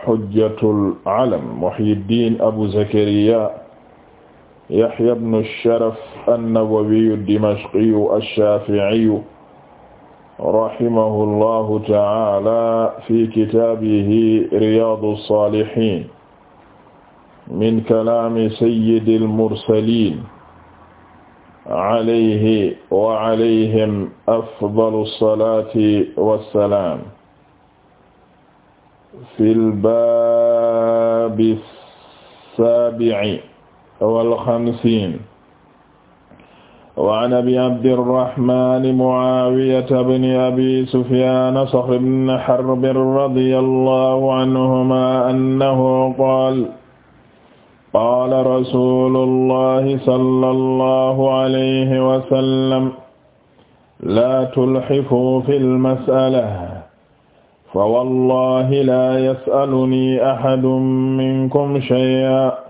xujjatul alam Muhyiddin Abu Zakariya Yahya ibnu Sharaf an-Nawawiyu ad-Dimashqiyu ash-Shafi'iyu rahimahullahu ta'ala fi kitaabihi Riyaadu s-Saalihiin min kalaami sayyidil mursaliin alayhi wa alayhim afdalu s-salaati wa s-salaam fil baabi saabi'i wal xamsiin wa an abi abdirrahmaani mucaawiyata bni abi sufyaana saxr bni harb radiyallaahu canhumaa annahu qaala qaala rasuulullaahi sallallaahu alayhi wa sallam laa tulhifuu fil mas'ala fa wallahi la yas'aluni ahadun minkum shay'an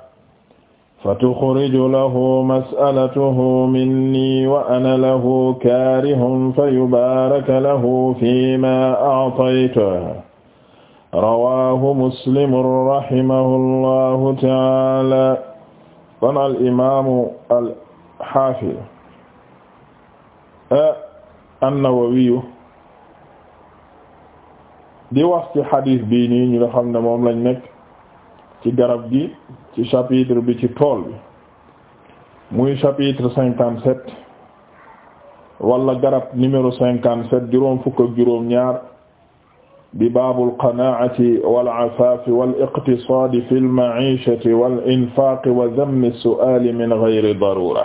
fatuxriju lahu mas'alatuhu minni wa ana lahu kaarihun fayubaaraka lahu fiimaa a'taytahu rawaahu muslimun rahimahullahu ta'aala kon al imaamu al haafiz eh, an-Nawawi di wax ci xadiis bii nii ñu nga xam ne moom lañ nekk ci garab gi ci chapitre bi ci tool bi muy chapitre cinquante sept wala garab numéro cinquante sept juróom fukk ak juróom ñaar bi baabul qanaa'ati wal afaafi wal iqtisaadi fil ma'iishati wal infaaqi wa dammi su'aali min ghayri daruura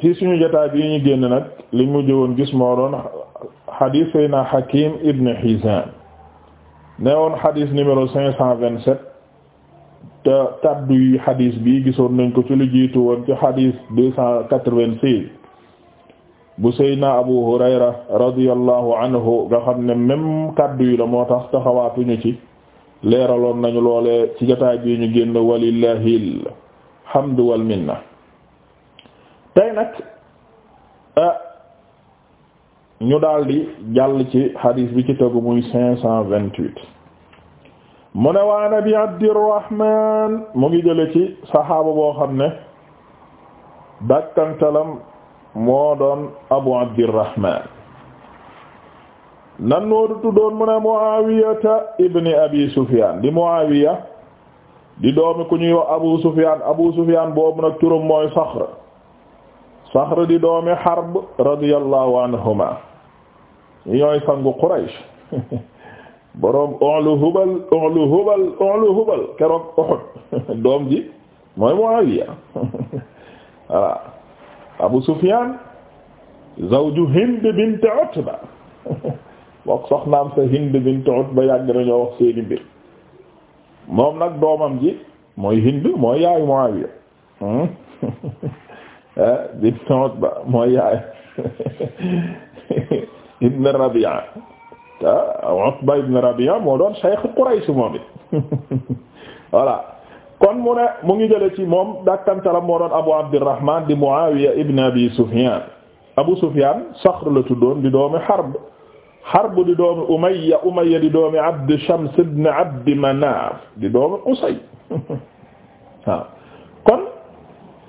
ci suñu jotaay bii ñu xadis sayna Hakim ibn Hizam ne woon xadis numéro cinq cent vingt-sept te kaddu yi xadis bi gisoon nañ ko ci lu jiitu woon ci xadis deux cent quatre-vingt-six bu sayna Abu Hurayra radiyallahu anhu nga xam ne même kaddu yi la moo tax taxawaatuñu ci leeraloon nañu loolee ci jotaay bi ñu génn walillahil hamdu wal tey nag ah, ñu daldi jàll ci hadis bi ci tegu muy cinq cent vingt-huit mu ne waa nabi abdirrahman mu ngi jële ci saxaaba boo xam ne dakkantalam moo doon abu abdirrahman nan noodu tuddoon mu ne muawiyata ibni abi sufyan di muawiya di doomi ku ñuy wax abu sufyan abu sufyan boobu nag turam mooy saxr Saxr di doomi Harb radiyallahu anhuma ñooy sangu Quraysh boroom u'lu Hubal u'lu Hubal u'lu Hubal keroog Uhud doom ji mooy Muawiya Abu Sufyan zawju Hind bint Utba wax soxnaam sa Hind bint Utba yàgg nañoo wax seeni mbir moom nag doomam ji mooy Hind mooy yaayu Muawiya hmm? Ah di Utba mooy Rabi'a te ah, Utba ibn Rabi'a moo doon Shaykh Quraysh moom kon mu ne mu ngi jële ci moom dakkantalam moo doon Abu Abdurrahman di Muawiya ibn Abi Sufyan Abu Sufyan Saxr la tuddoon di doomi Harb Harb di doomi Umayya Umayya di doomi Abd Shams ibn Abd Manaf di doomi Usay waaw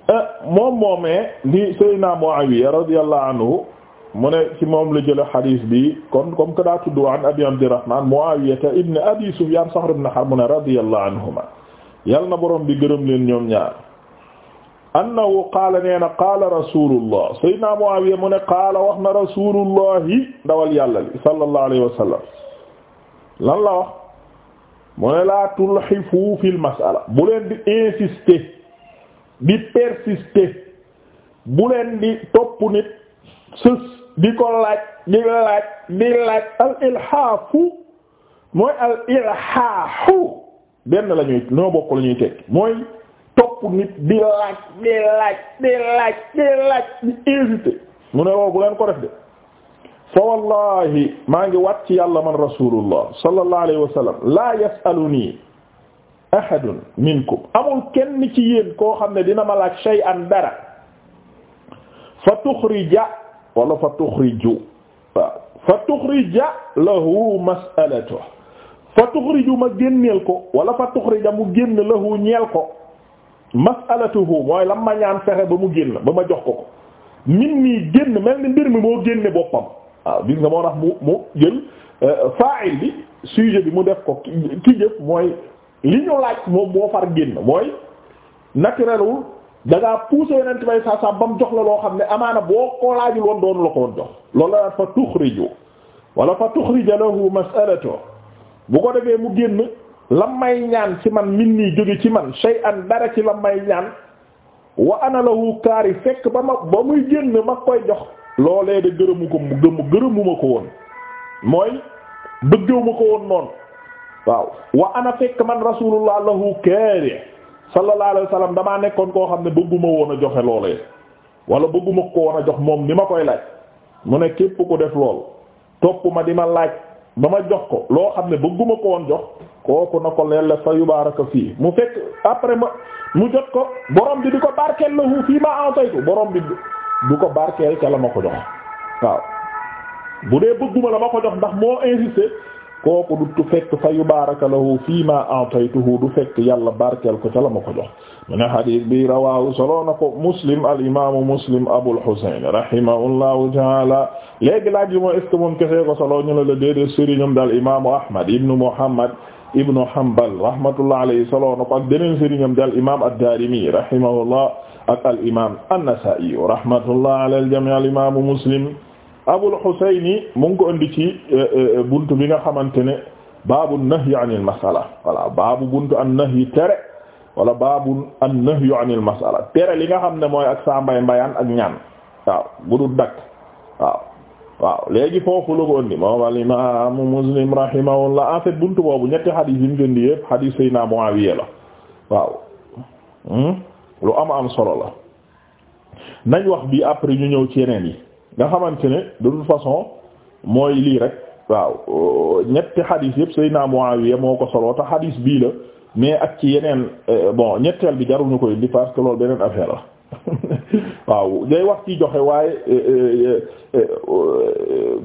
Euh, moom moomee li Seydina Muawiya radiyallahu anhu mu ne moom la jële xadiis bi kon comme que daa tudd an Abi Abdirahman Muawiya ibn Abi Sufyan Saxr ibn Harb mu anhuma yal na borom bi gërëm leen ñoom ñaar annahu qaala nee na qaala rasulullah Seydina Muawiya mu ne qaala dawal yàlla li sallallahu alayhi wa sallam la wax mu ne laa di insister di persister di topp nit sës di ko laaj di laaj di laaj al ilhaafu mooy al ilhaahu benn la ñuy noo bokk la ñuy mooy topp nit di laaj di laaj di laaj di laaj di hésiter mu ne loolu bu ko def fa wallahi maa ngi wat ci yàlla man rasulullah sallallahu alayhi wa sallam la yasaluni ahadun minkum amul kenn ci yéen koo xam ne dina ma laaj shay'an dara fa tuxrija wala fa tuxriju waaw fa tuxrija lahu mas'alatu fa tuxriju ma génneel ko wala fa tuxrija mu génn lahu ñeel ko mas'alatuhu mooy lam ma fexe ba mu génn ba ma jox ko ko min génn mel ni mbir mi moo génne boppam waaw gis nga moo tax mu mu jël euh, fa'il bi sujet bi mu def ko ki jëf mooy li ñu laaj moom moo far génn mooy naturelul da ngaa poussé yonent bay saa saa ba mu jox la loo xam ne amaana boo ko laajul woon la ko woon jox loolu la fa tuxriju wala fa tuxrija lahu mas'alatu bu ko defee mu génn la may ñaan ci man min nii jóge ci man shay'an dara ci la may ñaan wa ana lahu kaari fekk ba ma ba muy génn ma koy jox loolee de gërëmu ko gërëmuma ko woon mooy bëggewu ko woon noonu waaw wa ana fekk man rasulullah lahu kaari sallallahu alayhi wa sallam damaa nekkoon koo xam ne bëgguma woon a joxe loolee wala bëgguma ko woon a jox moom ni ma koy laaj mu ne képp ku def lool topp ma di ma laaj ba ma jox ko loo xam ne bëgguma ko woon jox kooku na ko leel fa yubaaraka fii mu fekk après ma mu jot ko borom bi di ko barkeel lahu fii ma antaytu borom bi du ko barkeel ca la ma ko jox waaw bu dee bëgguma la ma ko jox ndax moo insisté kooku du fekk fa yubaraka lahu fii ma ataytuhu du fekk yàlla barkeel ko ca la ma ko jox mu ne hadith bi rawahu solo na ko muslim al imamu muslim abul husayn rahimahullahu taala léegi laaj bi mooy est ce que moom kese ko solo ñu la la déedee sëriñam daal imamu ahmad ibnu muhammad ibnu hanbal rahmatullah alayhi solo na ko ak beneen sëriñam daal imam ad-daarimi rahimahullah ak al imam an-nasa'i rahmatullah ala al jami' al imamu muslim Abul Husayni mu ngi ko indi ci eh, eh, bunt bi nga xamante ne baabu nahyi anil masala wala baabu buntu an nahyi tere wala baabu an nahyi anil masala tere li nga xam ne mooy ak saa mbay mbayaan ak ñaan waaw budul dakk waaw waaw léegi foofu la ko indi moom al imam Muslim rahimahullah en fait buntu boobu ñetti xadis yi mu jëndi yëpp xadis Seydina Muawiya la waaw hmm? lu am am solo la nañ wax bi après ñu ñëw ci yeneen yi nga xamante ne de toute façon mooy lii rek waaw ñetti xadiis yëpp Seydina Muawiya moo ko solo te xadiis bii la mais ak ci yeneen euh, bon ñetteel bi jaruñu koy di parce que loolu beneen affaire la waaw day wax ci joxe waaye euh, euh,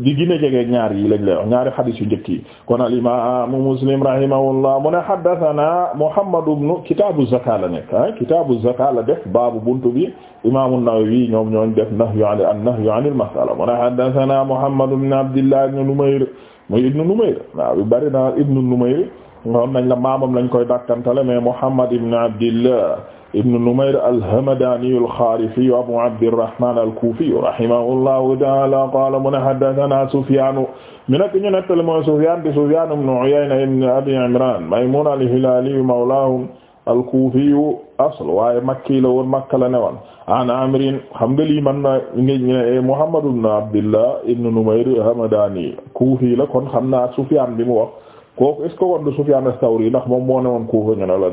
bi gën a jege ñaar yi lañ lay wax ñaari xadis yu njëkk yi kon al imaamu muslim rahimahullah mu ne haddathana muhammad ibn kitaabu zakaat la nekk ah, kitaabu zakaat la def baabu buntu bi imaamu nawawi ñoom ñooñ def nahyu an an-nahyu anil mas'ala mu ne haddathana muhammad ibn abdillah ibn numayr muy ibn numayr waaw yu bari na ibn numayr noonu la maamam lañ koy dàkkantale mais muhammad ibn abdillah ibnu Numayr al-Hamadani al-Kharifi Abu Abdirrahman al-Kufi rahimahullahu ta'ala qala mu ne haddathana Sufyan mi nag ñu nettali mooy Sufyan di Sufyan ibn Uyayna ibn Abi Imran Maymun al-Hilali mawlahum al-Kufi asl waaye Makki la woon Makka la newoon an Amrin xam nga lii man na ngi eh, Muhammad ibn Abdillah ibn Numayr al-Hamadani Kufi la kon xam naa Sufyan bi mu wax kooku est-ce que won du Sufyan as-Sawri ndax moom moo newoon Kufa ñu ne la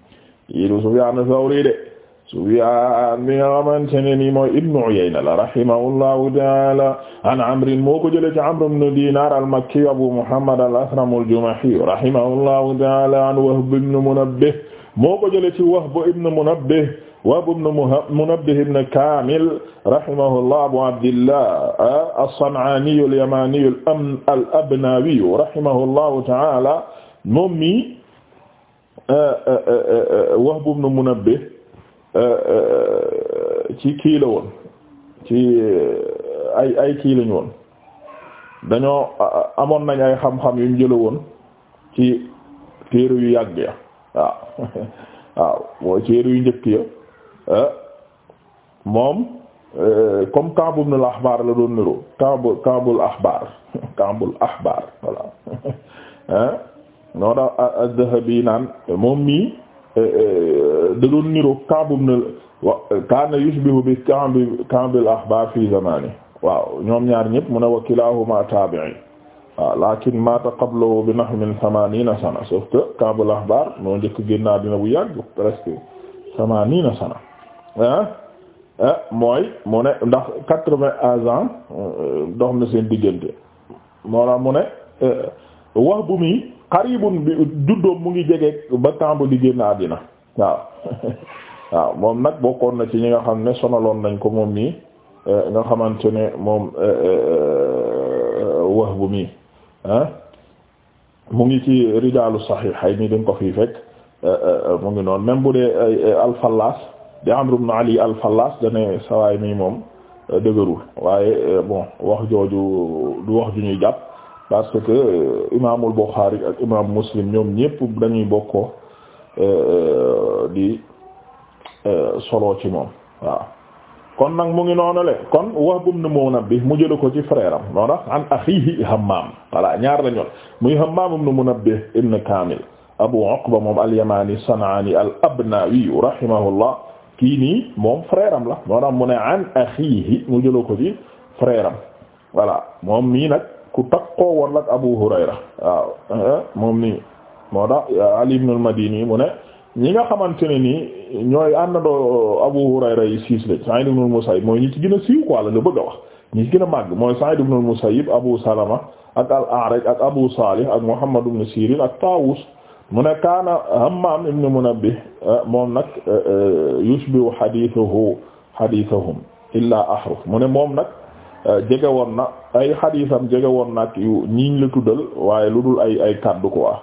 yi du Sufyaan Sawri de Sufyaan mi nga xamante ne nii mooy Ibnu Uyayna la rahimahullahu taala an Amrin moo ko jëlee ci Amr ibn Dinar al-Makki Abu Muhammad al-Asram al-Jumahi rahimahullahu taala an Wahb ibn Munabbih moo ko jëlee ci Wahb ibn Munabbih Wahb ibn Munabbih ibn Kamil rahimahullah Abu Abdillah as-San'ani al-Yamani al-Abnawi rahimahullahu taala moom mi wax euh, euh, euh, Wahb ibn Munabbih ci kii la woon ci ay ay kii lañu woon dañoo amoon nañ ay xam-xam yuñ jële woon ci téere yu yàgg ya waaw waaw mooy yu njëkk ya moom comme Ka'b ibn al-Ahbar la doon niroo Ka'b Ka'bul Ahbar Ka'bul Ahbar voilà noo dax az-Zahabi naan moom mii eh, eh, da doon niro kambum na kana bi kambi kambil ahbar fi zamani waaw ñoom ñaar ñëpp mu ne wa kilahuma tabi'i waaw bi nahwin samanina sana sauf que kambul ahbar moo njëkk génnaa dina bu yàgg presque samanina sana ah, ah mooy mu ne ndax quatre-vingts ans euh, dox na seen diggante moo la mu ne euh, wax bu mi xaribun bi juddoom mu ngi jege ba temps di génn àddina waaw waaw moom nag bokkoon na ci ñi nga xam ne sonaloon nañ ko moom nii eh, nga xamante ne moom wax eh, eh, Wahb mi ah, mu ngi ci rijaalu saxiixay nii dañ ko fii fekk mu ngi noonu même bu dee al-Fallaas di Amr ibn Ali al-Fallaas sawaay mii moom dëgërul waaye bon wax jooju du wax ju ñuy jàpp parce que euh, imaamul Bukhari ak imaam Muslim ñoom ñépp dañuy bokkoo euh, di euh, solo ci moom waaw kon nag mu ngi noonale kon Wahb ibn Munabbih mu jël ko ci frère am tax an akhihi Hammam voilà ñaar la ñoon muy Hammam ibn Munabbih ibn Kamil Abu Uqba moom al-Yamani San'ani al-Abnawi rahimahullah kii nii moom frère la noo tax mu ne an akhihi mu jël ko ci frère am moom mii nag ku takkoo woon ak Abu Hurayra eh, moom nii moo tax eh, Ali ibn al-Madini mu ne ñi nga xamante ne nii ñooy àndandoo Abu Hurayra yi siis lañ Sa'id ibn al-Musayyib mooy ñi ci gën a siiw quoi la nga a wax ñi ci gën màgg mooy Sa'id ibn al-Musayyib Abu Salama ak al-A'raj ak Abu Salih ak Muhammad ibn Sirin ak Tawus mu ne kaana Hammam ibn Munabbih eh, moom nag yushbihu hadithahu hadithahum illa ahruf mu ne moom nag jege woon na ay xadiisam jege woon nag yu ñiiñ la tuddal waay lu dul ay ay kàddu ko waa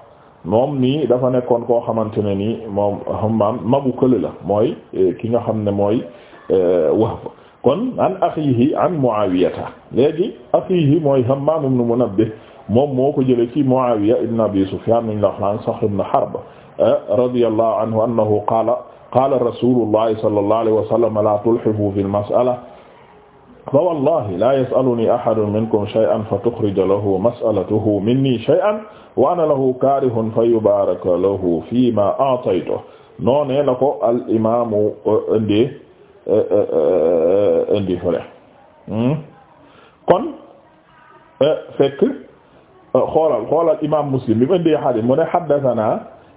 moom nii dafa nekkoon koo xamante ne nii moom Hammaam magu kële la mooy eh, ki nga xam ne mooy eh, Wahb kon an axiihi an Muawiyata léegi axiihi mooy Hammaam ibn Munabbih moom moo ko jële ci Muawiya ibn Abi Sufyaan min laxlaan Saxr ibn Harb eh, radiyallahu anhu annahu qaala qaala rasuulullahi sallallahu alayhi wa sallam la tulhifu fil mas'ala fa wallahi la yasaluni ahadun minkum shay'an fa tukhrija lahu mas'alatuhu minni shay'an wa ana lahu karihun fa yubaraka lahu fima a'taytuhu noonee la ko al imaamu uh, uh, indi uh, indi fële hmm? kon fekk xoolal xoolal imaam muslim bi mu indi hadith mu ne haddathana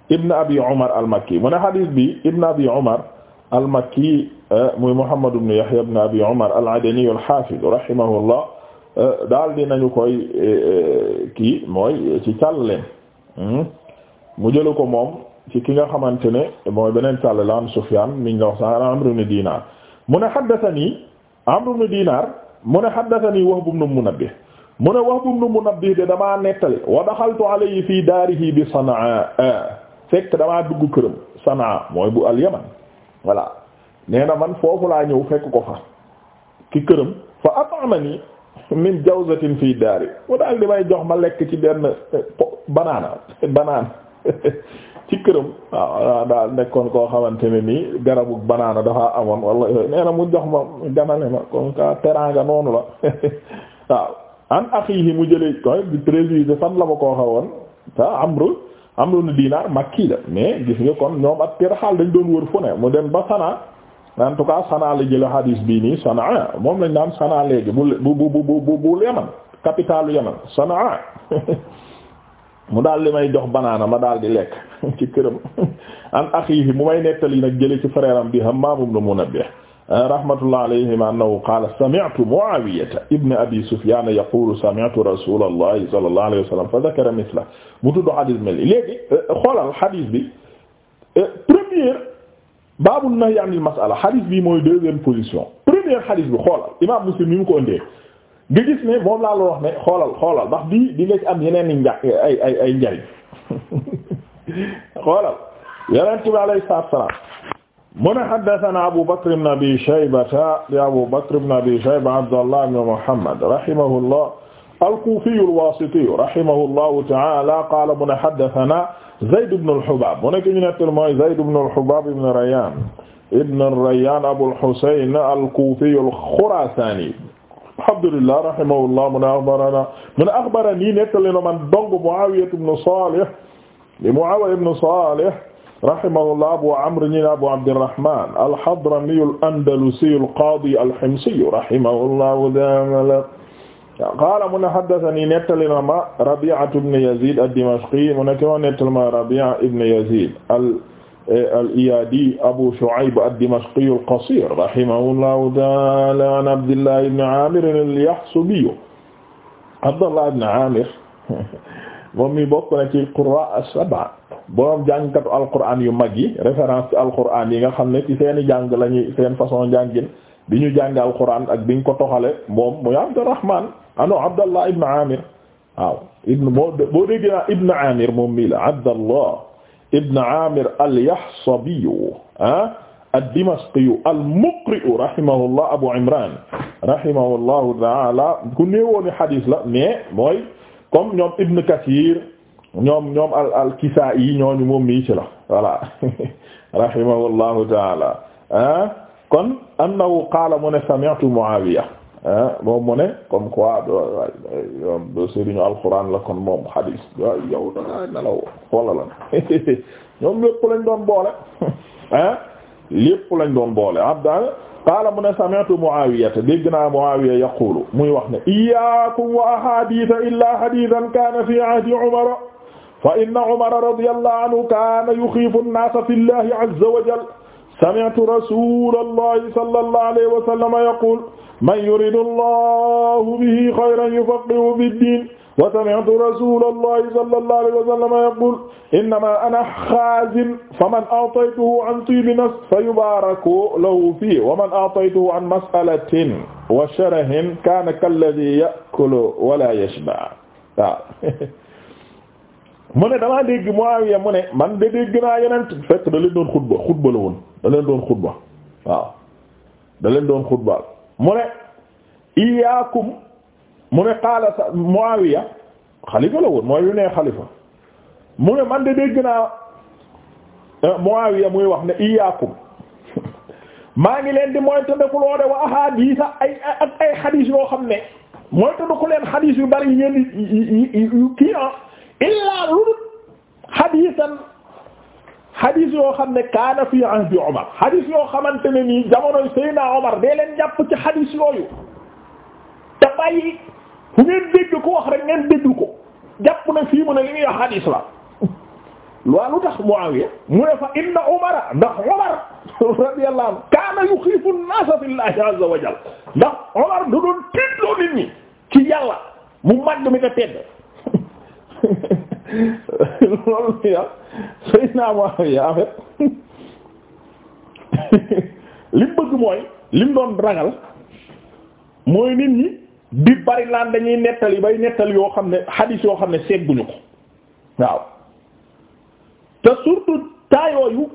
ibn abi umar al makki mu ne hadith bi ibn abi umar al-Makki eh, muy Muhammad ibn Yahya ibn Abi Umar al-Adani al eh, daal di nañu koy eh, kii mooy ci càllleen hmm? mu jëlu ko moom ci ki nga xamante ne mooy beneen càll la an Sufyan miñ la wax sax Amr ibn Dinar mu ne haddathani Amr ibn Dinar mu ne haddathani Wahb ibn Munabbih mu ne Wahb ibn Munabbih de damaa nettali wa daxaltu alayhi fii daarihi bi Sanaa fekk damaa dugg këram Sanaa mooy bu al-Yaman voilà nee na man foofu laa ñëw fekk ko fa ki këram fa at'amani min jawzatin fii daari mu daal di may jox ma lekk ci benn eh, banaana banaana ci këram waaw daal nekkoon koo xamante ne garabu banaana dafa amoon wala nee mu jox ma ganale ma comme ça teraanga noonu la waaw an axiihi mu jëlee koy di préjudice fan la ma koo xawoon ta amru Amru ibn Dinar makki la mais gis nga kon ñoom ak Tirxaal dañ doon wër fu ne mu dem ba Sanaa en tout cas Sanaa la jëlee hadis bii nii Sanaa moom lañ naan Sanaa léegi bu bu bu bu bu Yaman capitale Yaman Sanaa mu daal di may jox banaana ma daal di lekk ci këram an akhihi mu may li nag jële ci frère am bi Hammaam ibn Munabbih rahmatullah alayhim annahu qaala sami'tu Mu'aawiyata ibn abi Sufyaan yaqulu sami'tu rasuulallahi sallallahu alayhi wa sallam fa dhakara mithlahu mu tudd xadis mel léegi euh, xoolal xadis bi euh, première baabu nahyi anil mas'ala xadis bi mooy deuxième position première xadis bi xoolal imaam Muslim ni mu ko indee nga gis ne moom laa la wax ne xoolal xoolal ndax bii di nga ci am yeneen i nja ay ay ay njariñ xoolal yeneen ci bi alayhi salaatu wa salaam mu ne haddathana Abu Bakr ibn Abi Shaybata li Abu Bakr ibn Abi Shayba Abdallah ibn Muhammad rahimahullah al-Kufiyu al-Wasitiyu rahimahullahu ta'ala qaala mu ne haddathana Zayd ibn al-Hubaab mu nekk ñu nettal mooy Zayd ibn al-Hubaab ibn Rayyan ibn Rayyan Abu al-Husayn al-Kufiyu al-Khurasani alhamdulillah rahimahullah mu ne akhbarana mu ne akhbarani nettali na man dong Mu'awiya ibn Salih li Mu'awiya ibn Salih rahimahullah abu amr ñi ne abu abdirrahman alhadramiyu alandalusiyu alqaadi alhimsiyu rahimahullahu taala qaala mu ne haddathanii nettali na ma rabi'atu ibn yazid ad-dimashqi mu ne ki ma nettali ma rabi'a ibn yazid eh, al-iyaadi abu shu'ayb ad-dimashqi al-qasir rahimahullahu taala an abdillah ibn amir al-yahsubi abdallah ibn amir moom mi bokk na ci qurra as-sab'a borom jàngkatu alquran yu mag yi référence ci alquran yi nga xam ne ci seen i jàng lañuy seen façon njàngin bi ñu jàng alquran ak bi ñu ko toxale moom muy Abdurrahman ano Abdallah ibn Amir waaw ibn moo boo déggee naa ibn Amir moom mii la Abdallah ibn Amir al-Yahsabi ah ad-Dimashqi al-Muqri rahimahullah Abu Imran rahimahullahu ta'ala ku néewoon xadiis la mais mooy comme ñoom Ibn Kathir ñoom ñoom al al Kisaa'i ñooñu moom mii ci la voilà rahimahullahu taala ah kon annahu qaala mu ne sami'tu Muawiya ah moom mu ne comme quoi do sëriñu alquran la kon moom hadis waaw yow dangaa nelaw wala la ñoom lépp lañ doon boole ah lépp lañ doon boole abdal qaala mu ne sami'tu Mu'aawiyata dégg naa Mu'aawiya yaqulu muy wax ne iyyaakum wa ahaadiisa illaa hadiisan kaana fii ahdi Umar fa inna Umar radiyallaahu anhu kaana yuxiifu an-naasa fillaahi azza wa jalla sami'tu rasuulallaahi sallallaahu alayhi wa sallam yaquulu man yuridu llaahu bihi xayran yufaqqihhu fid-diin wa sami'tu rasulallahi sallallahu alayhi wa sallam yaqul innama ana xaazin faman a'taytuhu an tibi nafs fayubaraku lahu fihi wa man a'taytuhu an mas'alatin wa sharahin kana kalladhi ya'kulu wa la yashba waaw mu ne damaa dégg Muawiya mu ne man de dégg naa yeneen fekk da leen doon xutba xutba la woon da leen doon xutba waaw da leen doon xutba mu ne iyaakum mu ne qaala sa Muawiya xalifa la woon mooy yu nee xalifa mu ne man de dégg naa eh, Muawiya muy wax ne iyaakum maa ngi leen di mooy tëddakuloo de wa ahadisa ay ak ay xadiis yoo xam ne mooy tëddaku leen xadiis yu bari yi ngeen di kii ah illaa ludut xadiis yoo xam ne kaana fi ahdi Umar xadiis yoo xamante ne nii jamonoy Seydina Umar dee leen jàpp ci xadiis yooyu te bàyyi fu ngeen dégg ko wax rek ngeen dégg ko jàpp na fii mu ne li muy hadis la loolu tax Muawiya mu ne fa inna Umara ndax Umar radiyallahu anhu kaana yuxiifu an-naasa billahi azza ndax Umar da doon tiitloo nit ñi ci yàlla mu màgg mi ko tedd loolu ya Seydina Muawiya en fait li mu bëgg mooy li doon ragal mooy nit ñi di bari laan dañuy nettali bay nettali yoo xam ne xadiis yoo xam ne segguñu ko waaw te surtout taa yooyu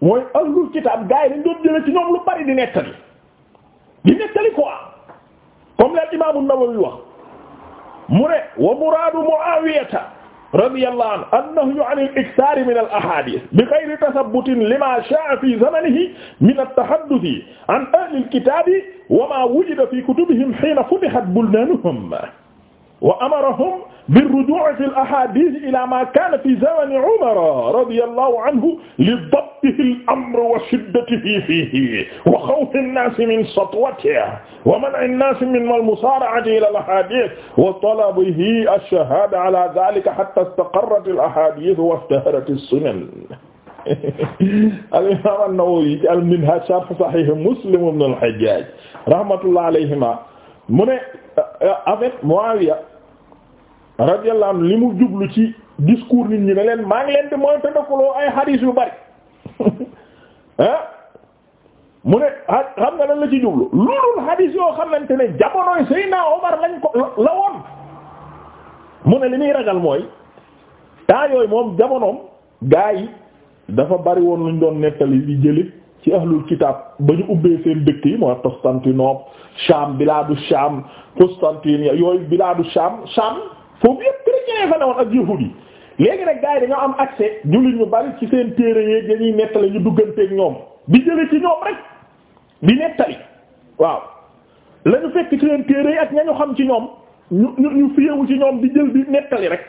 mooy ahlul kitaab gaa yi dañ doon jële ci ñoom lu bari di nettali di nettali quoi comme la imaamu Nawawi wax mu ne wa muraadu Muawiyata radiyallahu anhu annahu an al-ikthar min al-ahadith bi ghayri tathabbut lima sha'a fi zamanihi min at-tahadduth an ahli al-kitab wa ma wujida fi kutubihim hina futihat buldanuhum wa amarahum bir-ruju' fi al-ahadith ila ma kana fi zaman Umar radiyallahu anhu li dabtihi al-amr wa shiddatihi fihi wa khawfi an-nas min satwatihi wa man'i an-nas min al-musara'ati ila al-ahadith wa talabihi ash-shahada ala dhalika hatta istaqarrat al-ahadith wa ishtaharat as-sunan al-imam an-Nawawi ci al-Minhaj sharh Sahih Muslim ibn al-Hajjaj rahmatullahi alayhima mu ne Euh, euh, en fait Muawiya radiyallahu anhu li mu jublu ci discours nit ñi ne leen maa ngi leen di mooy tëddakuloo ay hadith yu bari ah mu ne xam nga lan la ci jublu loolul hadith yoo xamante ne jamonoy Seydina Omar lañ ko la woon mu ne li muy ragal mooy temps yooyu moom jamonoom gaa yi dafa bari woon luñ doon nettali di jëlit ci ahlul kitab ba ñu ubbee seen dëkk yi mooy Constantinople Sham du Sham Constantine yooyu biladu Sham Sham foofu yëpp chrétiens fa ne woon ak yahuud yi léegi nag gars yi am accès jullit ñu bari ci seen téere yeeg dañuy nettali ñu dugganteeg ñoom di jële ci ñoom rek bi nettali waaw lañu fekk ci seen téere yi ak ñañu xam ci ñoom ñu ñu ñu fiyewu ci ñoom di jël di nettali rek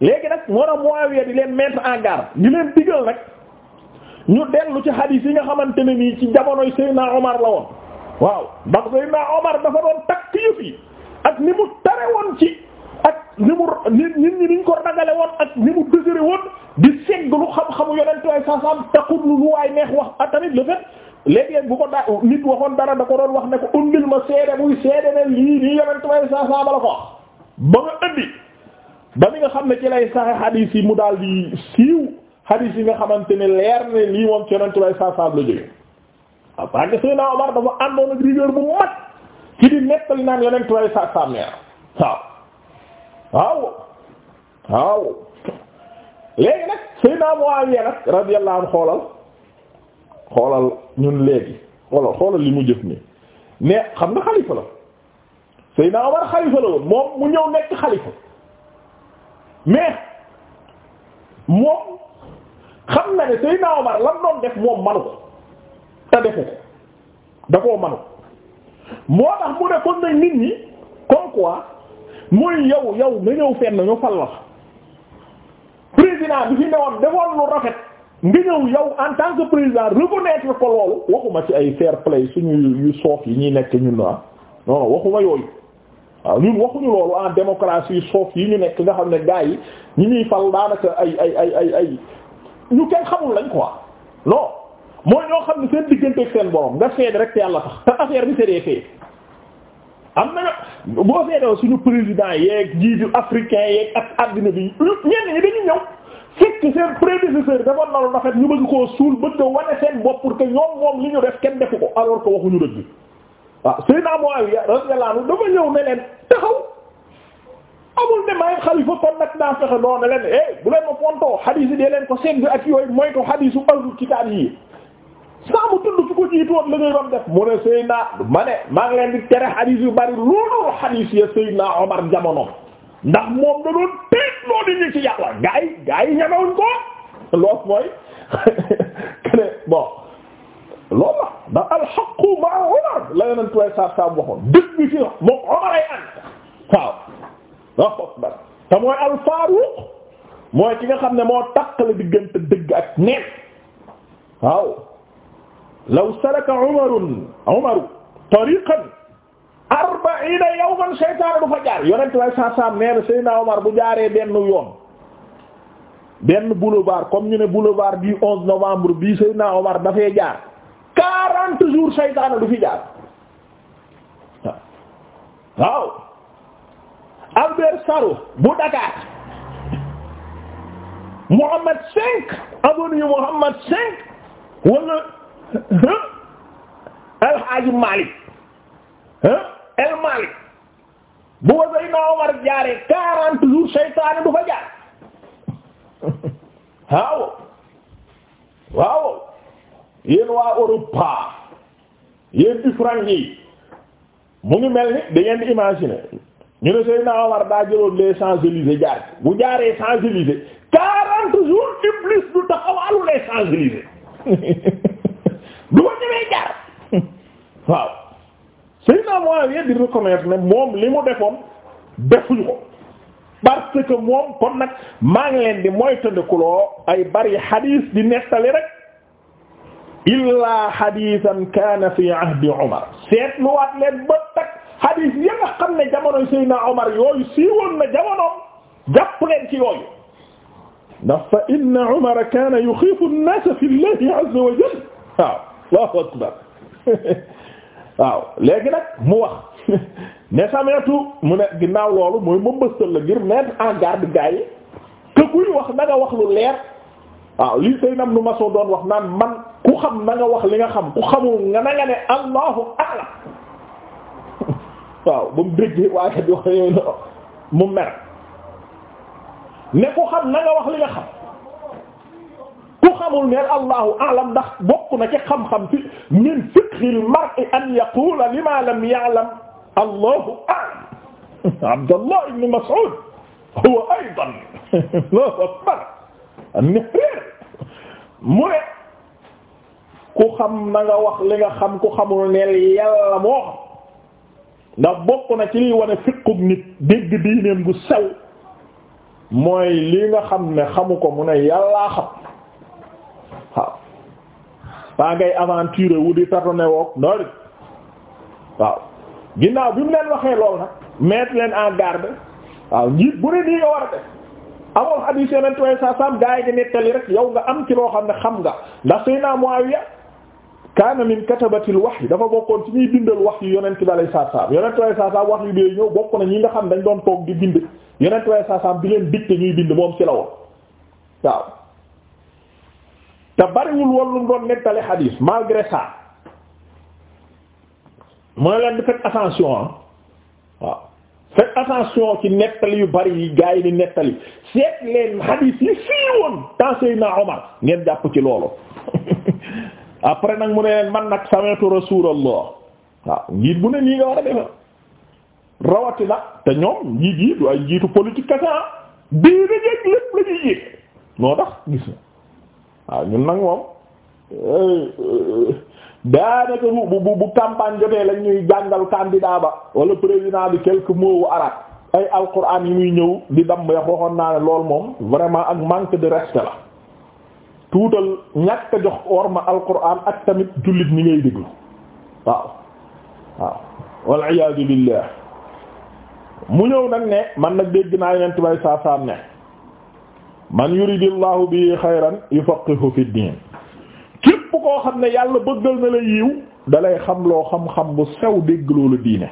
léegi nag moo tax Muawiya di leen mettre en garde di leen digal rek. ñu dellu ci hadith yi nga xamante ne nii ci jamonoy Seydina Omar la woon waaw ndax Seydina Omar dafa doon takk yëf yi ak ni mu tare woon ci ak ni mu nit ñi ko ragale woon ak ni mu désiré woon di segg lu xam-xamu yonent waaye saasaam taxul lu waay neex wax ak tamit le fait léeg-léeg bu ko daa nit waxoon dara da ko doon wax ne ko undil ma seede muy seede ne lii nii yonent waaye la ko wax ba nga indi ba mi nga xam ne ci lay saxe hadith yi mu daal di siiw. xadiis yi nga xamante ne leer ne lii moom ci yonent bay saab la jóge waaw parce que Seydina Omar dafa àndoon ak rigueur bu mag ci di nettali naan yonent bay saa saab ne waaw waaw waaw léegi nag Seydina Muawiya nag radiyallahu anhu xoolal xoolal ñun léegi xoolal xoolal li mu jëf ni mais xam nga xalifa la Seydina Omar xalifa la woon moom mu ñëw nekk xalifa mais moom xam na ne Seydina Omar lan doon def moom manu ko te defu ko da koo manu moo tax mu ne kon nag nit ñi comme quoi mooy yow yow nga ñëw fenn ñu fal la président bi fi newoon defoon lu rafet ñëw yow en tant que président reconnaître ko loolu waxuma ci ay fair play suñu yi ñuy nekk ñun ah non non waxuma yooyu waaw ñun waxuñu loolu en démocratie soof yi ñu nekk nga xam ne gars yi ñi ñuy fal daanaka ay ay ay ay ay ñu kenn xamul lañ ko quoi non mooy ñoo xam ne seen digganteeg seen borom nga seede rek te yàlla tax te affaire bi seedee fee am na boo seedoo suñu président jii jiitu africain yeeg ak addina bi ñenn ñi dañu ñëw fekk seen prédécesseur dafa nalu rafet ñu bëgg koo suul bëgg a wane seen bopp pour que ñoom moom li ñu def kenn defu ko alors que waxuñu dëgg waaw Seydina Muawiya radiyallahu anhu dafa ñëw ne leen amul ne maay xalifa kon nag naa fexe noonu leen eh bu leen ma fontoo xadiis yi dee leen ko seen bi ak yooyu mooy xadiisu ahlul kitaab yi saa mu tudd fi ko ma maa ngi xadiis yu bari loolu xadiis ya Seydina Omar jamono ndax moom da doon teet loo di ñu ci yàlla gaa yi gaa yi ñamewuñ ko loolu mooy kene bon loolu la ndax alxaqu ma Omar la yonentuwaay saab saab waxoon dëgg bi fi moom Omar ay ànd waaw waaw akbar te mooy alfaaruq mooy ki nga xam ne moo taqale diggante dëgg ak neen waaw law salaka umarun umaru tariqan arbaina yawman seytaane du fa jaar yonent way saa saam neen Seydina Omar bu jaaree benn yoon benn boulevard comme ñu ne boulevard du 11 novembre bii Seydina Omar dafay jaar 40 jours seytaane du fi jaar waaw Albert Sarraut bu Dakar Mohamed 5 avenue Mohamed 5 wala El Hadj Malick El Malick bu ko Seydina Omar jaaree 40 jours seytaane du fa jaar waaw waaw yéen waa Europe yéen Ifrang yi mu ngi mel ni da ngeen di ñu ne Seydina Omar daa jëloon les champs jaar bu jaaree Champs-Élysées quarante jours Iblis du taxawaalu les champs du ko ñëwee jaar waaw Seydina Muawiya di reconnaître ne moom li mu defoon defuñu ko parce que moom kon nag maa leen di moytandikuloo ay bari xadiis di nettali rek illaa xadiisan kaana fi ahdi Omar seetluwaat leen ba hadis ya nga xam na jamono Seydina Omar yooyu siiwoon na jamonoom jàpp leen ci yooyu ndax fa inna Umar kaana yuxiifu an-naasa fi waaw akbar waaw léegi nag mu wax ne sameetu mu ne ginnaaw loolu mooy mëmbëstal la en garde gaa yi que kuy wax na nga wax lu leer waaw lii Seydina Ibn Mas'ud doon wax na man ku xam na nga wax li nga xam ku xamul nga na nga ne Allahu a'lam waaw ba mu déggee waaye di wax yooyu la mu mer ne ku xam na nga wax li nga xam ku xamul ne allahu alam ndax bokk na ci xam-xam fi min fiqhil mar'i an yaqula lima lam ya'lam allahu a'lam abdallah ibn mas'ud huwa aydan allahu akbar an-nahrir mu ne ku xam na nga wax li nga xam ku xamul ne yàlla moo xam ndax bokk na ci liy wane fiqug nit dégg diineem gu sew mooy li nga xam ne xamu ko mu ne yàllaa xam waaw baa ngay aventure wu di tatone woog noonu waaw ginnaaw bi mu leen waxee lool nag mettre leen en garde waaw njiit bu ne nii nga war a def amoon xadiis yonent way sa sam gaa yi di nettali rek yow nga am ki loo xam ne xam nga ndax suy naa Muawiya kaana min katabatil wahyi dafa bokkoon ci ñuy bindal wax yi yonent bi alay saasaam yonent bi alay saasaam wax yu dee ñëw bokk na ñi nga xam dañ doon toog di bind yonent bi alay saasaam bi leen dicté ñuy bind moom ci la woon waaw te bariwul woon lu mu doon nettali xadiis malgré ça mooy leen di faites attention ah waaw faites ci nettali yu bari yi gaa yi di nettali seet leen xadiis yi fii woon temps Seydina Omar ngeen jàpp ci loolu après nag mu ne leen man nag sami'tu rasulallah waaw njiit bu ne nii nga war a defe rawatina te ñoom njiit yi du ay njiitu politique kese ah bii da jeeg lépp la ñuy jiit tax gis na waaw ñun nag moom daanaka bu bu bu campagne jotee lañ jàngal candidat ba wala président bi quelques mots wu arabe ay alquran yi muy ñëw di damm yax waxoon naa ne lool moom vraiment ak manque de respect la tuutal ñàkk a jox orma alquran ak tamit jullit ni ngay déglu waaw waaw wal iyaadu billah mu ñëw nag ne man nag dégg naa yonent bay saasaam ne man yuridillahu bi xayran yufaqihu fi diin képp koo xam ne yàlla bëggal na la yiw dalay xam loo xam-xam bu sew dégg loolu diine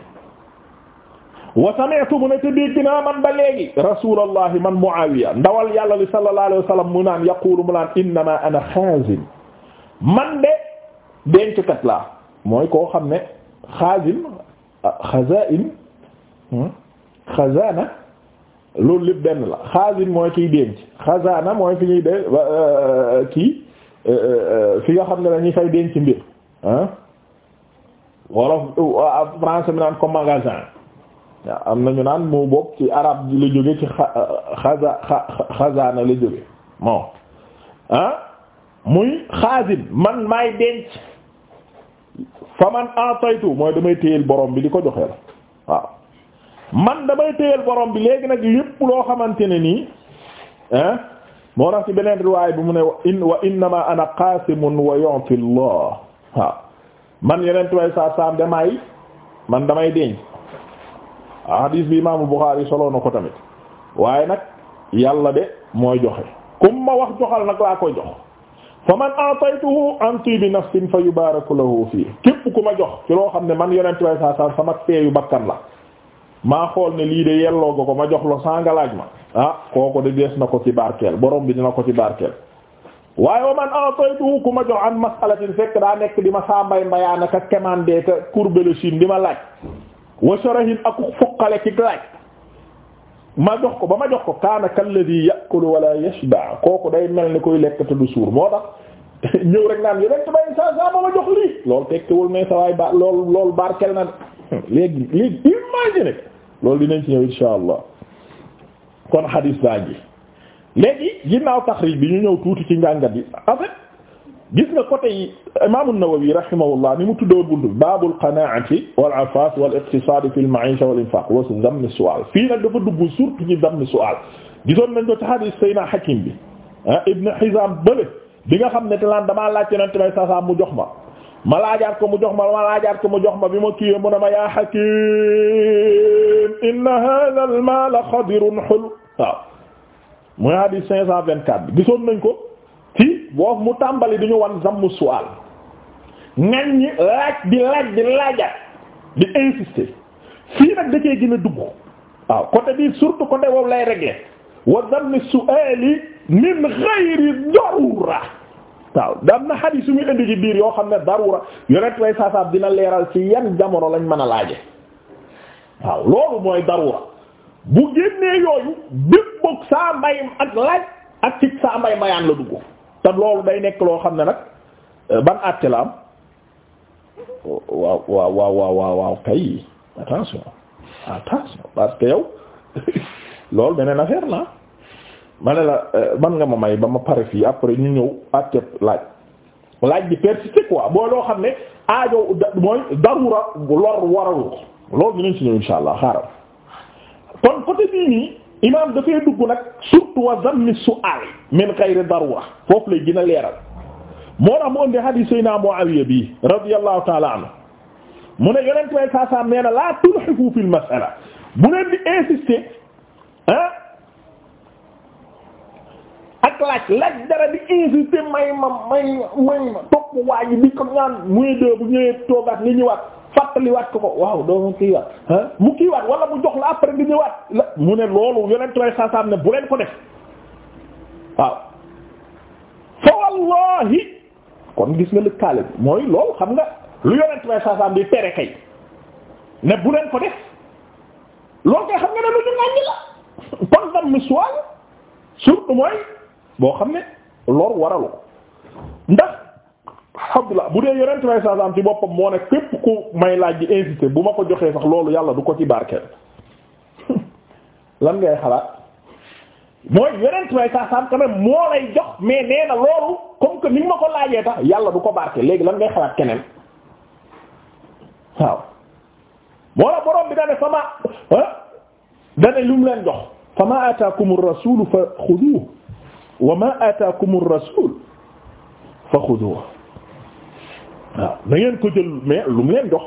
wa sami'tu mu ne te dégg naa man ba léegi rasulallahi man Muawiya ndawal yàlla li sallallahu alayhi wa sallam mu naan yaqulu mu naan innama ana xaazin man de dencukat laa mooy koo xam ne xaazin xazain hmm? xazana loolu lépp benn la xaazin mooy ki denc xazana mooy ki ñuy de euh, euh, kii euh, fi nga xam ne dañuy fay denc mbir ah wala français mi naan ko magasin waaw am ñu naan moo bopp ci arab la jóge ci xaza xazaana la jóge bon muy xaasin man maay denc fa man ataytu mooy damay téyel borom bi di ko joxeel waaw man damay téyel borom bi léegi nag lépp loo xamante ne nii ah moo tax ci beneen riwaay bi mu ne in wa innama ana qaasimun wa yu'ti Allah waaw man yeneen way sa sam damaay man damay denc Ah, hadis bi imaamu Buxaari solo na ko tamit waaye nag yàlla de mooy joxe kum ma wax joxal nag laa koy jox fa man ataytuhu an tibi nafsin fa yubaraku lahu fii képp ku ma jox ci loo xam ne man yonent way saa san sama teeyu bakkan la maa xool ne lii de yelloo nga ko ma jox la saa ma ah kooku de dees na ko ci barkeel borom bi dina ko ci barkeel waaye wa man ataytuhu ku ma jox an masalatin fekk daa nekk di ma saa mbay mbayaanaka kemandee ka courbé le chine di ma laaj wa sharahin aku foqale ci laaj ma jox ko ba ma jox ko kaana kalladhi ya'kulu wala yashba kooku day mel ni koy lekk te du suur moo tax ñëw rek naan yonent bay saa saa ba ma jox lii loolu tekkiwul mais sa waay ba lool loolu kel na léegi léegi imagine loolu dinañ ci ñëw insha allah kon xadiis baa léegi ginnaaw taxriij bi ñu ñëw tuuti ci njàngat yi en gis nga côté yi imaamu Nawawi rahimahullah ni mu tuddoon buntu baabul qanaa'ati wal afaaf wal iqtisaad fil ma'iisha wal infaaq wa damm su'aal fii nag dafa dugg surtout ci damm su'aal gisoon nañ ko ci hadiis Seydina Hakim bi ah Ibn Hizaam bële bi nga xam ne te laan damaa laaj Yonent bi saa mu jox ma ma laajaat ko mu jox ma ma laajaat ko mu jox ma bi ma kiiyee mu ne ma yaa Hakim inna haadha al maala xadirun xul waaw mooy hadiis 524 bi gisoon nañ ko. ci boobu mu tàmbali dañu wan zammu suwaal ngañ ñi laaj di laaj di laajat di insister fii nag da cee a dugg waaw côté bi surtout côté boobu lay régler wa zammi suwaali min ghayri darura waaw dam na xadiis yu muy indi biir yoo xam ne darura yonent way saasaab dina leeral ci yan jamono lañ mën a laaje waaw loolu mooy darura bu génnee yooyu bépp boog saa mbayam ak laaj ak ci saa mbay mbayaan la dugg te loolu day nekk loo xam ne nag euh, ban àtte la am waaw waaw waaw waaw waaw kay attention attention parce que yow loolu beneen affaire la ma ne la man euh, nga ma may ba ma pare fii après ñu ñëw àtte laaj laaj bi persiste quoi boo loo xam ne aajo mooy darura lor waralu loolu dinañ ci ñëw insha allah xaaral kon côté bii imaam dafay dugg nag surtout wa zammi su'aal min xayri darura foofu lay gën a leeral moo tax mu indi hadiis Seydina Muawiya bi radiyallahu ta'ala anhu mu ne yonent way saasaam nee na laa tulhifu fil mas'ala bu leen di insister ah ak laaj laaj dara di insister may ma may may ma topp waa ji ko ñaan muy dee bu ñëwee toogaat ni ñëwaat fàttaliwaat ko ko waaw doo kiiwaat ah mu kiiwaat wala mu jox la après di ñëwaat la mu ne loolu yonent way saasaam ne bu leen ko def waaw fa wallahi kon gis nga lëkkaale bi mooy loolu xam nga lu yonent way saasaam bi tere kay ne bu leen ko def loolu kay xam nga ne lu ñu ngàññi la kon dam miswaal surtout mooy boo xam ne lor waralu ko ndax abdoulah bu dee yonent may saasaam ci boppam moo ne képp ku may laaj di insisté bu ma ko joxee sax loolu yàlla du ko ci barkeel lan ngay xalaat mooy yonent may saasaam quand même moo lay jox mais nee loolu comme que ni ma ko laajee tax yàlla du ko barkeel léegi lan ngay xalaat keneen waaw moo la borom bi dane fama dane lu mu leen jox fama ataakum ar-rasul fa xuduhu wa ma ataakum ar-rasul fa xuduhu waaw na ngeen ko jël mais lu mu leen jox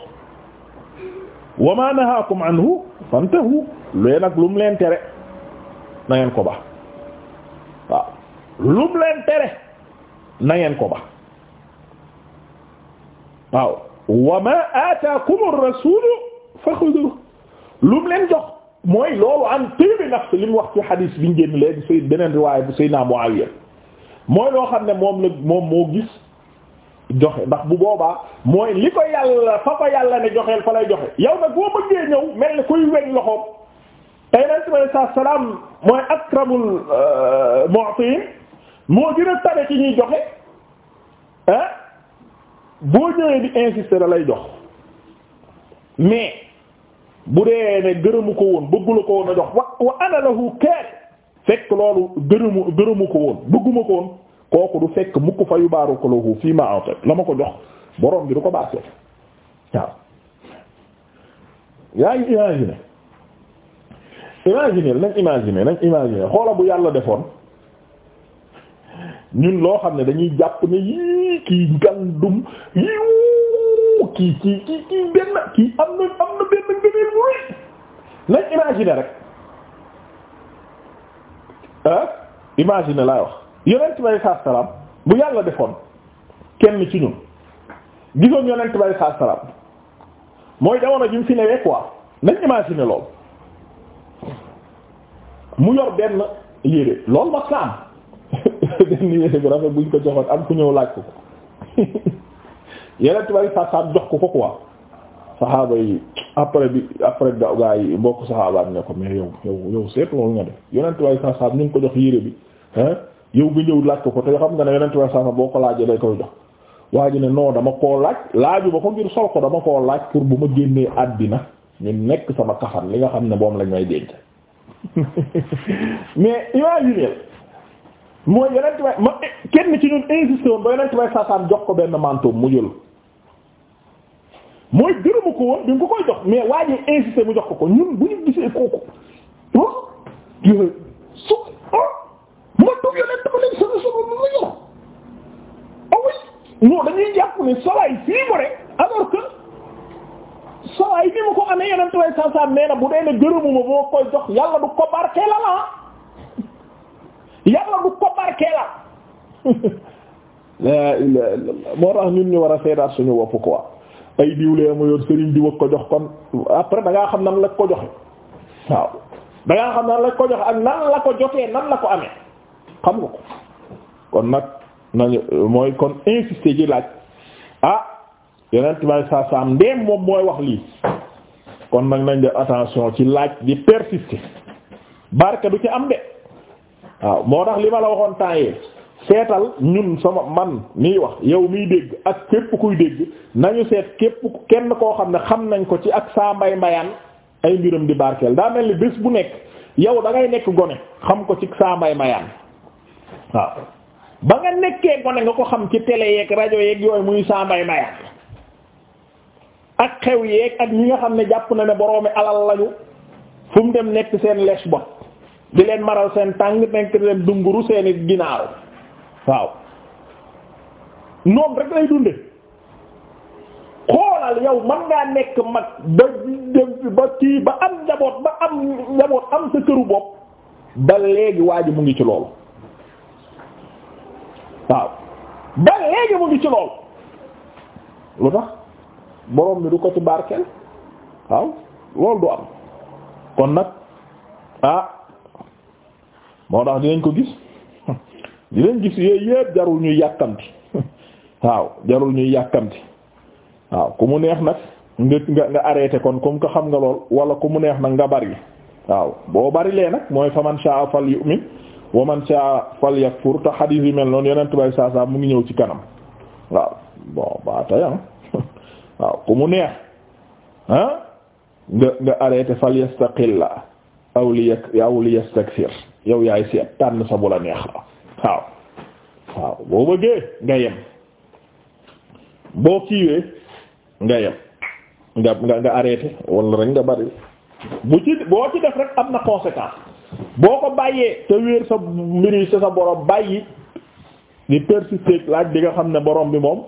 wa ma nahaakum anhu fantahu lee nag lu mu leen tere na ngeen ko ba waaw lu mu leen tere na ngeen ko ba waaw wa ma aataakum ar-rasuulu faxuduhu lu mu leen jox mooy loolu an tiibi nafs li mu wax ci xadiis bi ñu génn léegi say beneen riwaaya bu Seydina Muawiya mooy loo xam ne moom la moom moo gis joxe ndax bu boobaa mooy li ko yàlla fa ko yàlla ne joxeel fa lay joxe yow nag boo bëggee ñëw mel ni kuy weñ loxoom te yonent bi salaam mooy akramul euh, mu'tiin moo gën a tare ci ñuy joxe ah boo ñëwee di insister da lay jox mais bu dee ne gërëmu ko woon bëggula ko woon a jox wa wa ana lahu kaari fekk loolu gërëmu gërëmu ko woon bëgguma ko woon kooku du fekk mukk fa yubaaraka lahu fii la ma ko jox borom bi du ko baasee waaw. yaa ngi imaginer imaginer nañ imaginer nañ imaginer xoola bu yàlla defoon ñun loo xam ne dañuy jàpp ne yii kii ngandum yiiw kii kii kii kii benn kii am na benn ngëneel bu rëy nañ imaginer rek ah laay wax. yonent bi alayhi salaam bu yàlla defoon kenn ci ñun gisoon yonent bi alayhi salaam mooy jamono ji mu fi newee quoi nañ lool mu yor benn yére loolu mas la benn yére bu rafet buñ ko joxoon am ku ñëw laaj ko ko yonent bi alayhi salaam jox ko ko quoi saxaaba après bi après gaa yi mbokk saxaabaam ne ko mais yow yow yow seetlu nga def yonent bi alayhi salaam ñu ko jox yére bi yow nga ñëw laaj ko ko te xam nga ne yonent way sasa boo ko laajee day waa ji ne dama koo laaj laaju ba ko ngir sol ko dama koo laaj pour bu ma génnee àddina ñu nekk sama kafan li nga xam ne moom lañ may denc mais imaginez mooy yonent way ma kenn ci ñun insisté woon ba yonent way sasam jox ko benn manteau mu jël mooy gërëma ko woon bi nga ko koy jox mais waa ji mu jox ko ko ñun bu ñu gisee kooku ah, su ñoom yonent ba leen solo solo lu yor away non dañuy jàpp ne salaay fii mu rek alors que salaay ni mu ko amee yonent way sansam nee na bu dee ne gërëmuma boo koy jox yàlla du ko barkee ah. yàlla du ko barkee moo tax ñun ñu war a seetaat suñu wopp quoi ay diwlee ma yoon sëriñ diw ak ko jox kon après da ngaa xam nan la ko joxe waaw da xam naan la ko joxe ak nan la ko jotee nan la ko amee xam nga ko kon nag nañu mooy kon insister ji laaj ah yeneen may saa saam ndéem moom mooy wax lii kon nag nañ def attention ci laaj di persister barke du ci am de waaw moo tax li ma la waxoon temps yee seetal ñun sama man miy wax yow miy dégg ak képp kuy dégg nañu seet képp kenn koo xam ne xam nañ ko ci ak saa mbay mbayaan ay mbiram di barkeel daa mel ni bés bu nekk yow dangay nekk gone xam ko ci saa mbay mbayaan waaw ba nga nekkee gone nga ko xam ci télé yeeg rajo yeeg yooyu muy saambay mayaat ak xew yeeg ak ñi nga xam ne jàpp na ne boroomi alal lañu fu mu dem nekk seen lees bopp di leen maral seen tàng nekk leen dunguru seeni ginaaw waaw noonu rek lay dunde xoolal yow man ngaa nekk mag ba ba ba am njaboot ba am njaboot am sa këru bopp ba léegi waa ji mu ngi ci loolu waaw ba léegi mu ngi ci lool lu tax borom bi du ko ci barkeel waaw loolu du am kon nag ah moo tax dinañ ko gis dinañ gis yooyu yëpp jarul ñuy yàkkamti waaw jarul ñuy yàkkamti waaw ku mu neex nag nga nga nga arrêté kon comme que xam nga lool wala ku mu neex nag nga bari waaw boo bari lee nag mooy faman sha'a fal yu'min wa man shaa falyakfur te xadiis yi mel noonu yonent bay saa saa mu ngi ñëw ci kanam waaw bon ba tey ah, waaw ku mu neex ah nga nga arrêté falyastaqilla aw li yow yaay seet tànn sa bu la neex la waaw waaw boo bëggee nga yem boo kiiwee nga yem nga nga nga arrêté rek nga bari bu ci boo ci def rek am na conséquence boo ko bàyyee te wéer sa mbir yi sa sa borom bàyyi di persister laaj bi nga xam ne borom bi moom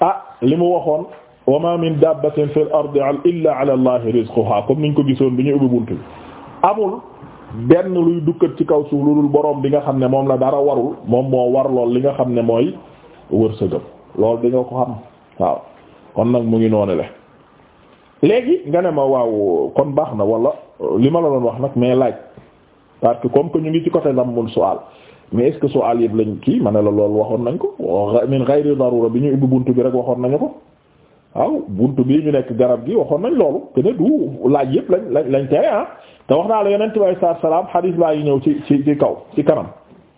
ah li mu waxoon wa ma min dabbatin fil ardi illa ala allahi rizquha comme niñ ko gisoon bi ñu ubbi bunt bi amul benn luy dukkat ci kaw suuf lu dul borom bi nga xam ne moom la dara warul moom moo war lool li nga xam ne mooy wërsëgam loolu di nga ko xam waaw kon nag mu ngi noonu le léegi nga ne ma waaw kon baax na wala li ma la doon wax nag mais laaj parce que comme que ñu ngi ci côté zammul su'al mais est-ce que su'al yëpp lañ kii ma ne la lool waxoon nañ ko min ghayri darura bi ñu ubbi bunt bi rek waxoon nañu ko waaw bunt bi ñu nekk garab gi waxoon nañ loolu que du laaj yëpp lañ lañ lañ tere ah te wax naa la yonent bi alayhi salaam xadiis baa ngi ñëw ci ci ci kaw ci kanam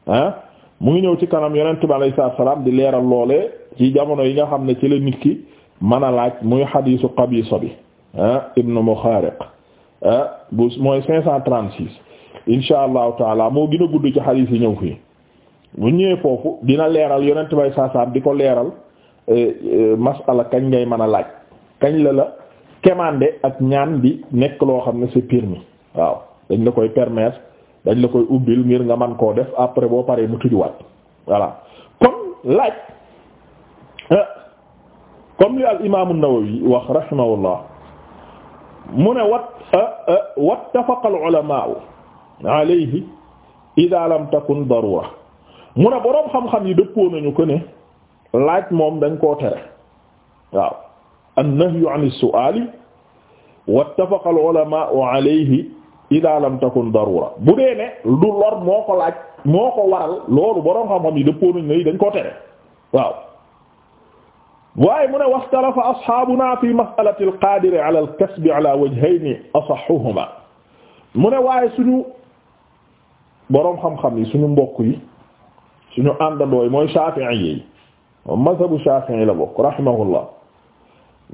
ah mu ngi ñëw ci kanam yeneen bi alayhi salaam di leeral loolee ci jamono yi nga xam ne ci la nit ki mën a laaj muy xadiisu Qabiisa bi ah ibnu Muxaariq ah bu mooy 536. insha allahu taala moo gën a gudd ci xadiis yi ñëw fii bu ñëwee foofu dina leeral yonent bay saasaam di ko leeral eh, eh, masala kañ ngay mën a laaj kañ la la kemande ak ñaan bi nekk loo xam ne c'est mi waaw dañ la koy permettre dañ la koy ubbil ngir nga man koo def après boo paree mu tëjuwaat voilà kon laaj eh, comme li al imaamu Nawawi wax rahimahullah mu ne wat wattafaqa al ulamaa alayhi ida lam takun darura mu ne boroom xam yi dëppoo nañu ko ne laaj moom dañ koo tere waaw annahyu an as-su'ali wattafaqa al-ulama'u alayhi ida lam takun darura bu dee ne yi dëppoo nañu dañ koo tere waaw waaye mu ne waxtalafa asxaabuna fi waaye suñu boroom xam-xam yi suñu mbokk yi suñu àndandoo yi mooy Shafi'i yi moom mazhabu Shafi'i la bokk rahimahullah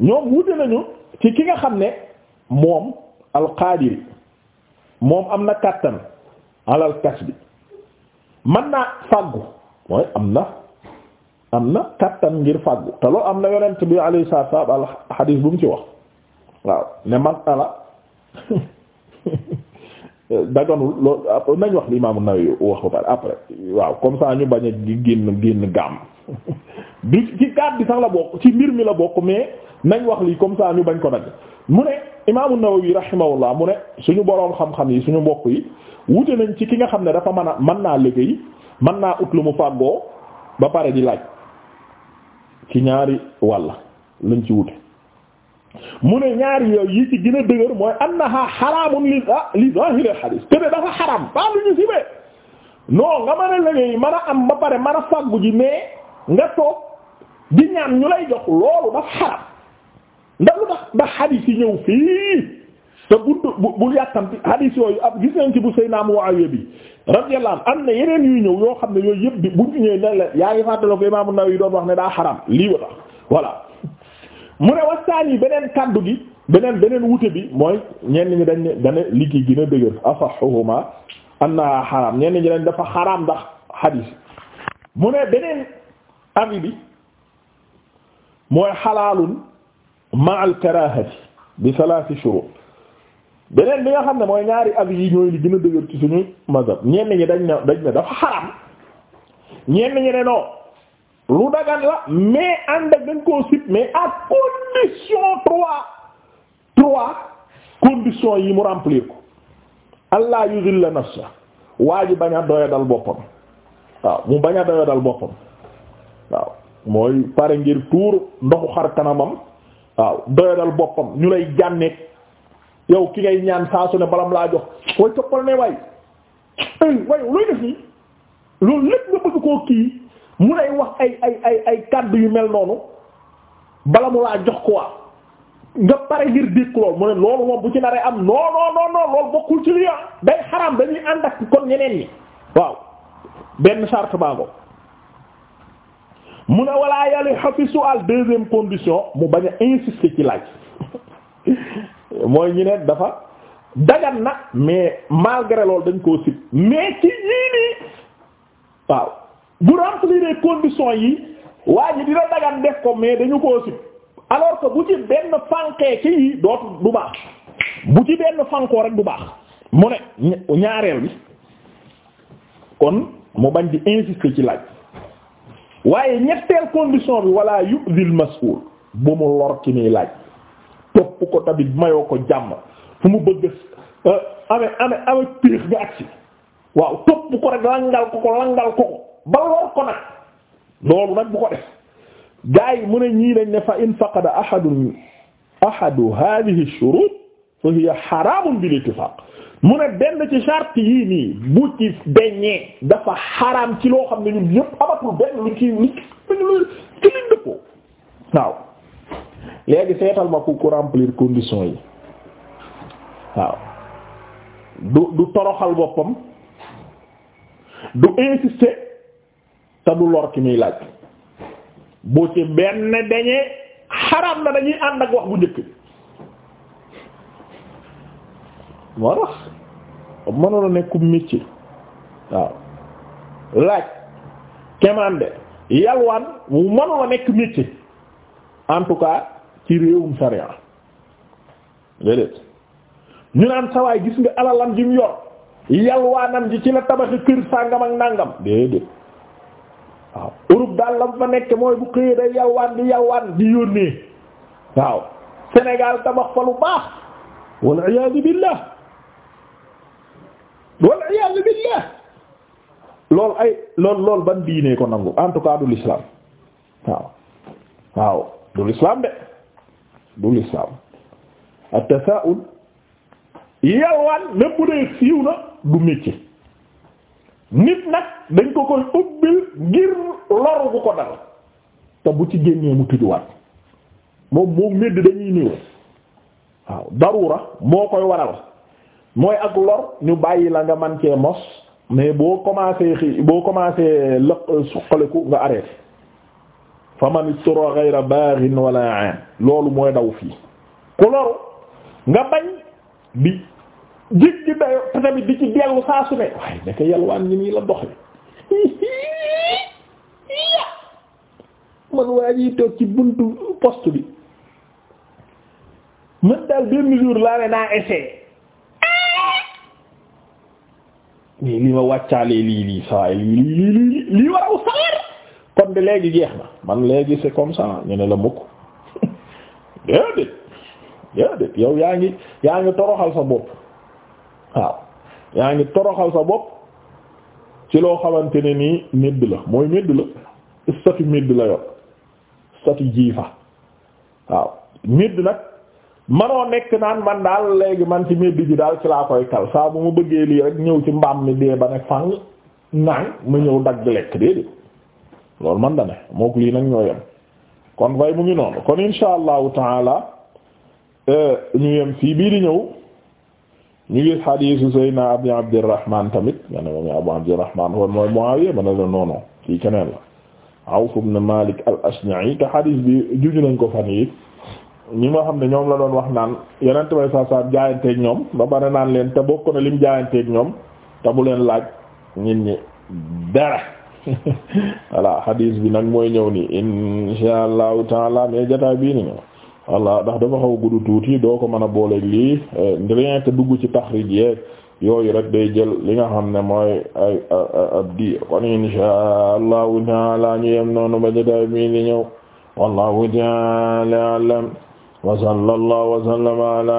ñoom wute nañu ci ki nga xam ne moom alqaadiri moom am na kàttan alal kasbi man naa fàggu mooy am na am na kàttan ngir fàggu taloo am na yonent bi alayhi salaatu wa al xadiis bu mu ci wax waaw ne masala daganul loolu nañ wax li Imam An-Nawawi wax ba pare après waaw comme ça ñu bañ a génn génn gaam bi ci gaat bi sax la bokk ci mbir mi la bokk mais nañ wax lii comme ça ñu bañ ko nag mu ne Imam An-Nawawi rahimahullah mu ne suñu boroom xam-xam yi suñu mbokk yi wute nañ ci ki nga xam ne dafa man a man naa liggéey man naa ut lu mu fàggoo ba pare di laaj ci ñaari wàll lañ ci wute mu ne ñaari yooyu yi ci gën a dëgër mooy annaha xaraamun li li zahiri xadiis te ne dafa xaraam ba lu ñu si bee nga mën a liggéey mën a am ba pare mën a fàggu ji mais nga toog di ñaan ñu lay jox loolu dafa xaram ndax lu tax ndax xadiis yi ñëw fii te bu bu bu yàkkamti xadiis yooyu ab gis nañ ci bu Seydina Muawiya bi radiyallahu am na yeneen yuy ñëw yoo xam ne yooyu yëpp bi bu ñu ñëwee ne la yaa ngi fàttaliku ko Imaam An-Nawawi doon wax ne daa xaram lii wa mu ne wastaan yi beneen kàddu gi beneen beneen wute bi mooy ñenn ñi dañ ne dane li ki gën a dëgër asahuhuma annaha dafa xaram ndax xadiis mu ne beneen avis bi mooy xalaalun ma al bi salasi shurut beneen bi nga xam ne mooy ñaari avis yi ñooy li gën a dëgër ci suñu mazhab ñenn ñi dañ ne dañ ne dafa xaram ñenn ñi ne non lu dagan la mais ànd ak dañ koo sib mais à condition trois trois conditions yi mu remplir ko allah yuzilla nafsa waa ji bañ a doyadal boppam waaw mu baña a doyadal boppam waaw mooy pare ngir tuur ndoxu xar kanamam waaw doyadal boppam ñu lay jànneeg yow ki ngay ñaan saa su ne balam laa jox koy toppal ne waay looy def nii loolu lépp nga bëgg koo kii mu lay wax ay ay ay ay kàddu yu mel noonu bala mu laa jox quoi nga pare ngir dégg lool mu ne loolu moom bu ci naree am non non non non loolu bokkul ci lii ah. day xaram dañuy ànd ak kon ñeneen ñi waaw benn charte baago mu ne walaa yàlla xafi sual deuxième condition mu bañ a insister ci laaj mooy ñu ne dafa dagan na mais malgré loolu dañ koo sit mais ci yii nii waaw bu remplir les conditions yi waa ji dina dagan def ko mais dañu koo sib alors que bu ci benn fankee ci yi dootu du baax bu ci benn fankoo rek du baax mu ne ñaareel bi kon mu bañ di insister ci laaj waaye ñetteel condition bi wala yudil mas'ul bu mu lor muy laaj topp ko tamit mayoo ko jàmm fu mu bëgg euh, ame ame ame péex nga agsi waaw topp ko rek langal ko ko langal ko ko ba lor ko nag loolu nag bu ko def yi mu ne ñii dañ ne fa in faqada ahadun ahadu hadhihi fa hiya xaraamun bil ittifaq mu ne benn ci charte yii nii bu ci beñee dafa xaraam ci loo xam ne ñun yëpp amatul benn lu ci lu ci liñ dëppoo seetal ma ku ku remplir condition yi du toroxal boppam du insister te du lor muy laaj boo ci benn dañee xaraam na dañuy ànd ak wax bu njëkk bi moo tax mënoon a nekkum métier waaw laaj kemande yalwaan mu mënoon nekk métier en tout cas ci réewum sariya déedéet ñu naan sawaay gis nga alalam ji mu yor yalwaanam ji ci la tabaxi kër sàngam ak nàngam déedéet waaw Europe daal la mu fa nekk mooy bu xëyee day yalwaan di yalwaan di yónnee waaw Sénégal tabax fa lu baax wal iyaadu billah wal iyaadu billah lool ay lool lool ban diine ko nangu en tout cas du l'islam waaw waaw du l'islam de du l'islam at-tasaa'ul yalwaan même bu siiw na du métier nit nag dañ ko koy ubbil ngir loru bu ko dal te bu ci génnee mu tëjuwaat moom moom medd dañuy niw waaw darura moo koy waral mooy ak lor ñu bàyyi la nga man cee mos mais boo commencé xi boo commencé lëq suqaliku nga arrêté fa man istura ghayra baghin wala an loolu mooy daw fii ku loru nga bañ bi jig gi dayo te tamit di ci dellu saa su ne waaye naka yalwaan ñi nii la doxle ya man waa ji toog ci buntu poste bi man daal benn jour laa ne naa essayé lii li ma wàccaalee lii lii sawaay lii lii lii lii lii waraw sawar kon de léegi jeex na man léegi c'est comme ça ñu ne la mukk déedéet déedéet yow yaa ngi yaa ngi toroxal sa bopp waaw yaa ngi toroxal sa bopp ci loo xamante ne nii médd la mooy médd la statut médd la yor statut jiifa waaw médd nag manoo nekk naan man daal léegi man ci médd ji daal ci laa koy kal saa bu ma bëggee lii rek ñëw ci mbaam mi dee ba ne fàng naan ma ñëw dagg lekk déedéet loolu man la ne moo lii nag ñoo yem kon fay mu ngi noonu kon insha allahu taala eh, ñu yem fii bii di ñëw ñu gis xadiisu Seydina Abu Abdirrahman tamit nga ne moom Abu Abdirrahman woon mooy Muawiya ma ne la noonu kii keneen la Awf ibn Malik al-Ashja'i te xadiis bi juju nañ ko fan yi ñi nga xam ne ñoom la doon wax naan yeneen bay saa saa jaayanteeg ñoom ba pare naan leen te bokk na lim jaayanteeg ñoom te bu leen laaj nit ñi dara voilà xadiis bi nag mooy ñëw nii insha allahu taala mais jotaay bii ni ñëw voilà ndax dafa xaw tuuti doo ko mën a booleeg lii eh, rien que dugg ci taxrij yooyu rek day li nga xam ne mooy ay ab diir kon insha allahu taala ñu yem noonu ba jotaay bii di ñëw wallahu taala alam wa sallallahu wa sallama ala